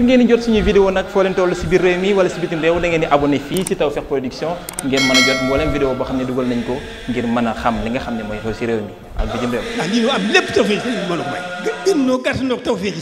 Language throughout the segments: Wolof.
ngir ngeen di jot suñuy vidéo nag foo leen toll si biir réew mi wala si bitim réew da ngeen di abonné fii si Tawfekh Production ngeen mën a jot mboolem vidéo boo xam ne dugal nañ ko ngir mën a xam li nga xam ne mooy xew si réew mi ak bitim réew. ndax ah, lii ñu am lépp Tawfekh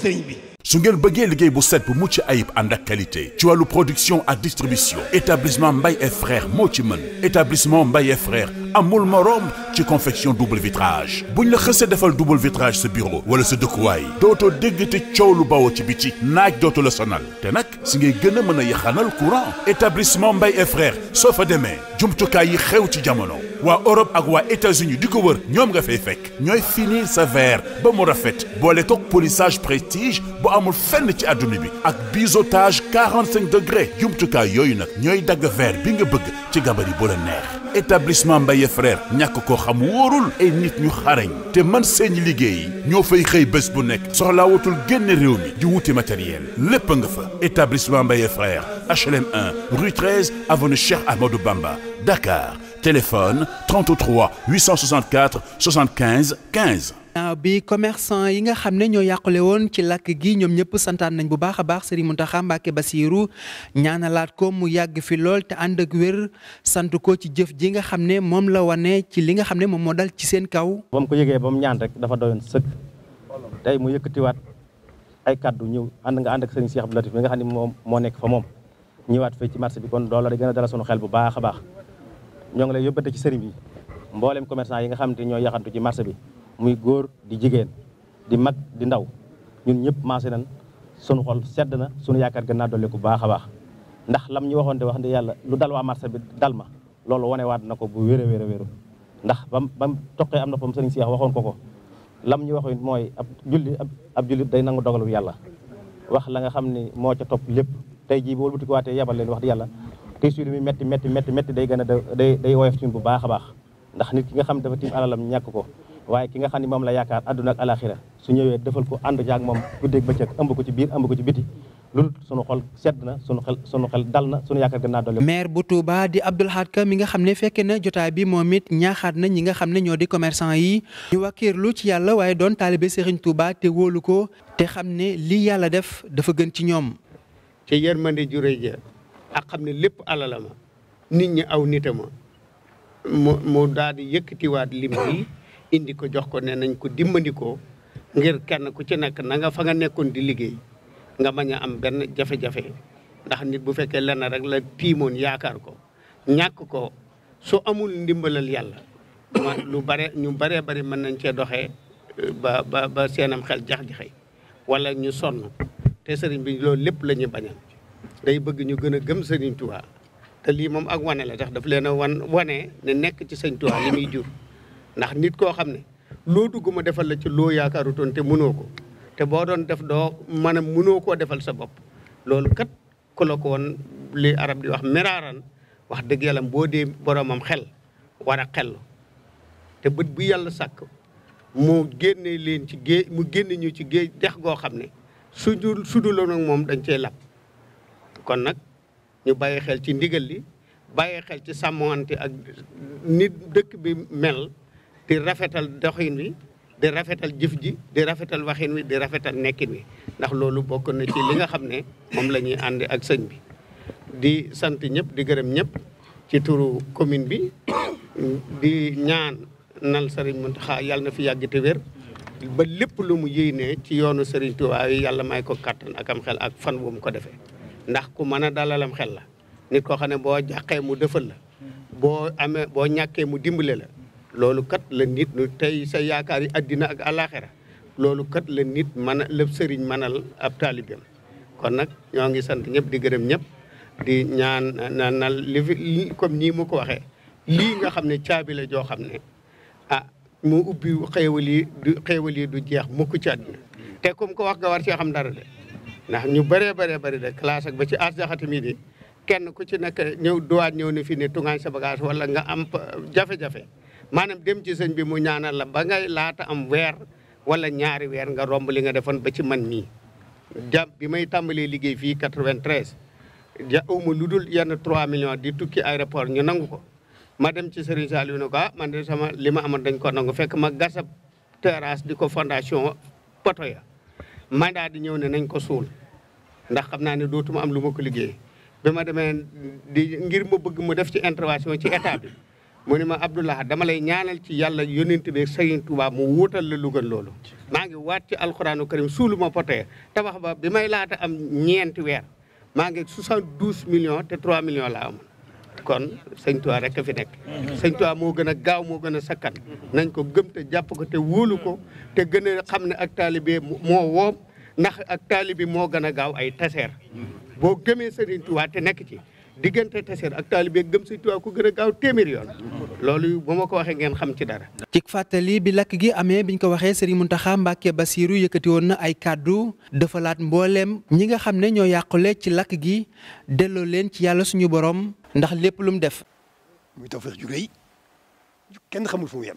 sëriñ bi su ngeen bëggee liggéey bu set bu mucc ayib ànd ak qualité ci wàllu production ak distribution établissement Mbaye et frères moo ci mën établissement mbay et frères amul morom ci confection double vitrage buñ la xësee defal double vitrage sa bureau wala sa dëkkuwaay dootoo dégg te coow lu bawoo ci biti naaj dootu la sonal te nag si ngay gën a mën a yaxanal courant établissement Mbaye et frères soo fa demee jumtukaay yi xew ci jamono waa Europe ak waa États-Unis di ko wër ñoom nga fay fekk ñooy finir sa ver ba mu rafet boole kook polissage prestige bu amul fenn ci àdduna bi ak biseautage 45 degrés jumtukaay yooyu nag ñooy dagg verre bi nga bëgg ci gabari bu la neex établissement Mbaye frère ñàkk koo xam wóorul ay nit ñu xarañ te man seen liggéey ñoo fay xëy bés bu nekk soxlaa wutul génn réew mi di wuti matériel lépp nga fa établissement Mbaye frère HLM 1 rue 13 avenue Cheikh Amadou Bamba Dakar téléphone 33 864 quinze 15 naaw bi commercant yi nga xam ne ñoo yàqule woon ci làkk gi ñoom ñëpp santaan nañ bu baax a baax mun Serigne Mountakha Mbacké Bassirou ñaanalaat ko mu yàgg fi lool te ànd ak wér sant ko ci jëf ji nga xam ne moom la wane ci li nga xam ne moom moo dal ci seen kaw. ba ko yëgee ba mu ñaan rek dafa doyoon sëkk tey mu yëkkatiwaat ay kaddu ñëw ànd nga ànd ak Serigne Cheikh Abdou Latif mi moom moo nekk fa moom ñëwaat fii ci marché bi kon loolu day gën a dalal sunu xel bu baax a baax ñoo ngi lay yóbbante ci sëriñ bi mboolem commerçant yi nga xam ne ñoo yaxantu ci marché bi muy góor di jigéen di mag di ndaw ñun ñëpp maase nan sunu xol sedd na sunu yaakaar gën naa dolli ku baax a ndax lam ñu waxoon de wax ne yàlla lu dal waa marché bi dal ma loolu wanewaat na ko bu wér a wér a ndax bam bam toqee am na fam sëriñ Seex waxoon ko ko lam ñu waxoon mooy ab julli ab jullit day nangu dogalu yàlla wax la nga xam ne moo ca topp lépp tey jii bu wëlbati ko waatee yabal leen wax di yàlla tey suñu mi metti metti metti day gën a day day woyof bu baax a baax ndax nit ki nga xam dafa tiim alalam ñàkk ko waaye ki nga xam ne moom la yaakaar àdduna ak alaxira su ñëwee defal ko ànd jaag moom guddeeg bëccëg ëmb ko ci biir ëmb ko ci biti loolu sunu xol sedd na sunu xel sunu xel dal na sunu yaakaar gën naa dolli. maire bu Touba di Abdoul Ahad Ka mi nga xam ne fekke na jotaay bi moom it ñaaxaat na ñi nga xam ne ñoo di commerçant yi. ñu wakkiirlu ci yàlla waaye doon taalibe Serigne Touba te wóolu ko te xam ne lii yàlla def dafa gën ci ñoom. te yërmande ju rëy ja ak xam ne lépp alal ma nit ñi aw nitama mu mu daal di indi ko jox ko ne nañ ko dimbali ko ngir kenn ku ci nekk nanga nga fa nga nekkoon di liggéey nga bañ a am benn jafe-jafe ndax nit bu fekkee lenn rek la tiimoon yaakaar ko ñàkk ko su amul ndimbalal yàlla lu bare ñu baree bari mën nañ cee doxee euh, ba ba seenam xel jax-jaxe wala ñu sonn te sëriñ bi loolu lépp lañuy ñu bañal day bëgg ñu gën a gëm sëriñ Tuubaa te lii moom ak wane la tax daf leen a wan wane ne nekk ci sëñ Tuubaa li muy jur ndax nit koo xam ne loo dugg ma defal la ci loo yaakaarutoon te mënoo ko te boo doon def doo mën a mënoo koo defal sa bopp loolu kat ku la ko li arab di wax meraaran wax dëgg yàlla boo dee boroomam xel wara xel te bët bu yàlla sàkk mu génne leen ci géej mu génne ñu ci géej dex goo xam ne su suduloon ak moom dañ cee lab kon nag ñu bàyyi xel ci ndigal li bàyyi xel ci sàmmante ak nit dëkk bi mel di rafetal doxin wi di rafetal jëf ji di rafetal waxin wi di rafetal nekkin wi ndax loolu bokk na ci li nga xam ne moom la ñuy ànd ak sëñ bi di sant ñëpp di gërëm ñëpp ci turu commune bi di ñaan nal Serigne Mountakha yàlla na fi yàgg te wér ba lépp lu mu ne ci yoonu Serigne Touba yi yàlla may ko kàttan ak am xel ak fan bu mu ko defee ndax ku mën a dalalam xel la nit koo xam ne boo jàqee mu defal la boo amee boo ñàkkee mu dimbale la loolu kat la nit ñu tey sa yaakaar yi addina ak àllaaxira loolu kat la nit mën a lépp sëriñ mënal ab taalibeem kon nag ñoo ngi sant ñëpp di gërëm ñëpp di ñaan na li fi comme nii mu ko waxee lii nga xam ne caabi la joo xam ne a ah, mu ubbi xéewal yi du xéewal yi du jeex mukk ci àddina te comme ko wax nga war cee xam dara de ndax ñu bëree bëree bëri de classe ba ci as jaxati mii de kenn ku ci nekk ñëw duwaat ñëw ne fii ne tungaañ sa bagage wala nga am jafe-jafe maanaam dem ci sëñ bi mu ñaanal la ba ngay laata am weer wala ñaari weer nga romb li nga defoon ba ci man mii jam bi may tàmbalee liggéey fii 93 ja awma lu dul yenn trois millions di tukki aéroport ñu nangu ko ma dem ci Serigne Saliou ne ko ah man de sama li ma amoon dañ ko nangu fekk ma gasab terrasse di ko fondation poto ya ma daal di ñëw ne nañ ko suul ndax xam naa ne dootuma am lu ma ko liggéey bi ma demee di ngir ma bëgg mu def ci intervention ci état bi mu ni ma Abdoulaye dama lay ñaanal ci yàlla yónnent bi Sëriñ tubaab mu wuutal la lu loolu maa ngi waat ci alxuraanu karim suulu ma potee tabax ba bi may laata am ñeenti weer maa ngi 72 million te 3 million laa am kon Sëriñ Tuubaa rek fi nekk mhm. Sëriñ Tuubaa moo gën a gaaw moo gën a sakkan nañ ko gëm te jàpp ko te wóolu ko te gën a xam ne ak taalibe moo woom ndax ak taalibe moo gën a gaaw ay taseer boo gëmee Sëriñ Tuubaa te nekk ci diggante taseer ak taalibe gëm si Tuubaa ku gën a gaaw téeméer yoon loolu bu ma ko waxee ngeen xam ci dara. cig fàttali bi lakk gi amee bi biñ ko waxee Serigne Mountakha Mbacké Bassirou yëkkati woon na ay kàddu defalaat mbooleem ñi nga xam ne ñoo yàqule ci lakk gi delloo leen ci yàlla suñu borom ndax lépp lu mu def. muy tawfeex ju kenn xamul fu yem